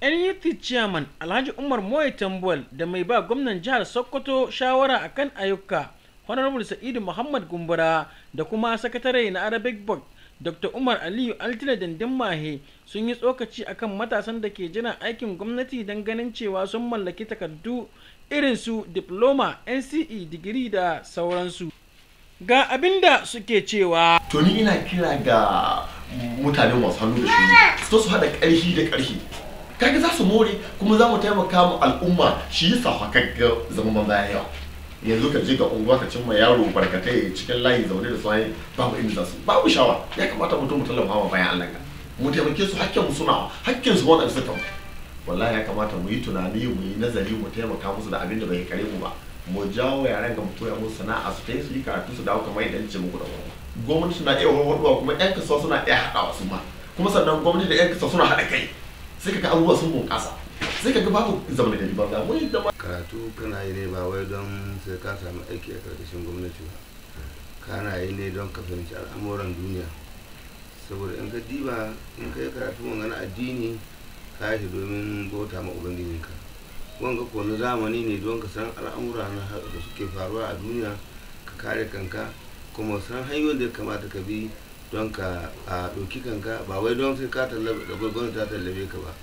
nuf chairman alhaji umar Moyi Tambuwal da mai ba gwamnan jihar sokoto shawara akan ayyuka honorable sa'idu muhammad gumbura da kuma sakatare na arabic Book dr umar aliyu altina dandin mahe sun yi tsokaci akan matasan da ke jiran aikin gwamnati don ganin cewa sun mallaki takardu irin su diploma nce digiri da sauransu ga abin da suke cewa to ina kira ga mutane masu hannu da shi su haɗa ƙarfi da ƙarfi kaga za su more kuma za mu taimaka mu al'umma shi yasa haka ga zama man baya yawa yanzu ka je ga unguwa ka cimma yaro barkatai cikin layi zaune da sai babu inda za su babu shawa ya kamata mutum mu tallafa wa bayan Allah mu taimake su hakkin mu suna hakkin su wanda suka wallahi ya kamata mu yi tunani mu yi nazari mu taimaka musu da abin da bai kare mu ba mu jawo yaran ga mu koya musu sana'a su ta su yi karatu su dawo kamar idan ce muku da wannan gwamnati na iya warwarwa kuma yan kasuwa suna iya haɗawa su ma kuma sannan gwamnati da yan kasuwa suna haɗa kai sai kaga abubuwa sun bunƙasa sai kaga babu zaman gari banza wai da karatu kana yi ne ba wai don sai ka samu aiki a karkashin gwamnati ba kana yi ne don ka fahimci al'amuran duniya saboda in ka diba in ka yi karatu wangana addini ka shi domin bauta ma ubangijinka wanga ko na zamani ne don ka san al'amura na da suke faruwa a duniya ka kare kanka kuma san hanyoyin da ya kamata ka bi don ka a ɗauki kanka ba wai don sai ka tallabe da gwamnati ta tallabe ka ba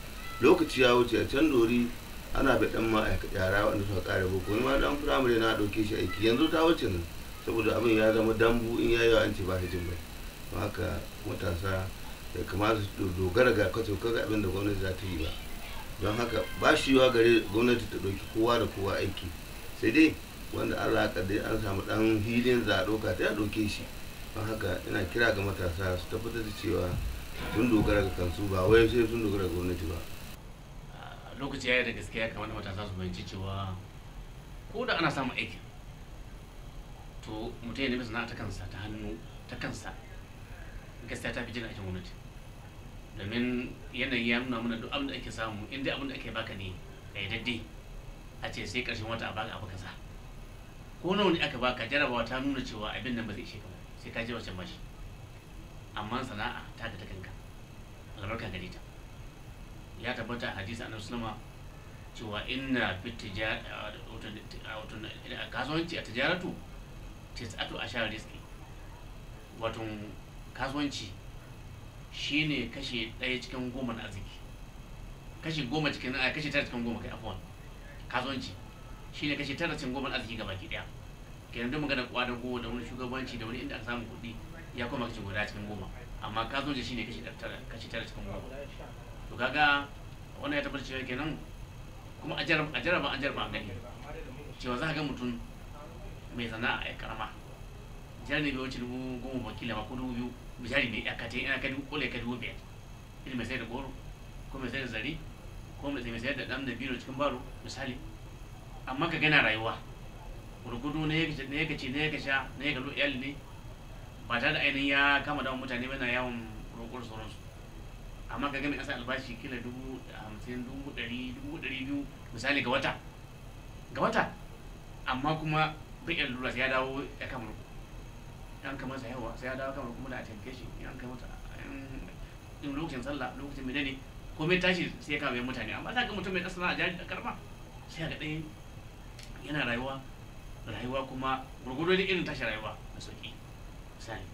lokaci ya wuce a can dori ana bai dan aika yara wanda suka kare boko ni ma dan firamare na ɗauke shi aiki yanzu ta wuce nan saboda abin ya zama dambu in ya yawa an ce ba shi jin bai don haka matasa ya kamata su dogara ga kwato kaga abin da gwamnati za ta yi ba don haka ba shi yiwa gare gwamnati ta ɗauki kowa da kowa aiki sai dai wanda allah ya an samu dan hilin za a ɗauka ta ya ɗauke shi don haka ina kira ga matasa su tabbatar da cewa sun dogara ga kansu ba wai sai sun dogara ga gwamnati ba lokaci yayi da gaskiya ya kamata matasa su fahimci cewa ko da ana samun aikin to mutum ya nemi sana'a ta kansa ta hannu ta kansa gaskiya ta fi jin aikin gwamnati domin yanayi ya nuna mana duk abin da ake samu in dai abin da ake baka ne ka yi daddai a ce sai karshen wata a baka abu kaza ko nawa ne aka baka jarabawa ta nuna cewa abin nan ba zai ishe ka ba sai ka ji wacce mashi amma sana'a ta da ta kanka albarka gare ta ya tabbata hadisi annabi sallama cewa inna fi kasuwanci a tijaratu a ashar riski wato kasuwanci shine kashe ɗaya cikin goma na arziki kashe goma cikin kashe tara cikin goma kai afuwan kasuwanci shine kashe tara cikin goma na arziki gaba ki daya kenan duk magana kwa da goma da wani shugabanci da wani inda aka samu kuɗi ya koma kashi guda cikin goma amma ka zo da shi ne kashi tara cikin goma to kaga wannan ya tabbatar cewa kenan kuma a jaraba a jaraba a gani cewa za ka ga mutum mai sana'a ya karama jihar ne bai wuce dubu goma kila ma ko dubu biyu misali ne ya kace yana kai dubu kola ya kai dubu biyar ina mai sayar da goro ko mai sayar da zari ko mai sayar da dan da biyu cikin baro misali amma ka gana rayuwa gurgudu na ya kaci na ya kasha na ya kalu iyali ne ba ta da ainihin ya kama da mutane mana yawon roƙon sauransu amma ka gami asa albashi kila dubu hamsin dubu ɗari dubu ɗari biyu misali ga wata ga wata amma kuma bai iya lura sai ya dawo ya kama rukun yan kama sa yawa sai ya dawo kama rukun da a taimake shi yan kama sa in lokacin sallah lokacin mai ne ko mai tashi sai ya kama mutane amma za ka mutum mai a na a karma sai ga ɗaya yana rayuwa rayuwa kuma gurgudu da irin tashi rayuwa a sauki misali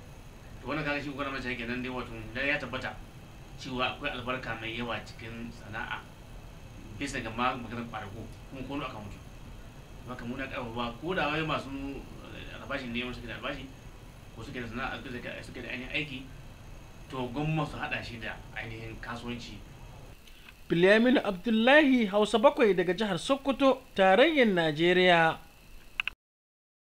to wannan kaga shi kuma mace yake nan dai wato da ya tabbata cewa akwai albarka mai yawa cikin sana'a bisa ga maganar kwarago kuma kono aka mutu maka muna ba ko da wai masu eh, albashin ne wani suke da albashi ko suke da sana'a suke da ainihin aiki to gwamma su hada shi da ainihin kasuwanci Bilyamin Abdullahi Hausa bakwai daga jihar Sokoto, tarayyar Najeriya.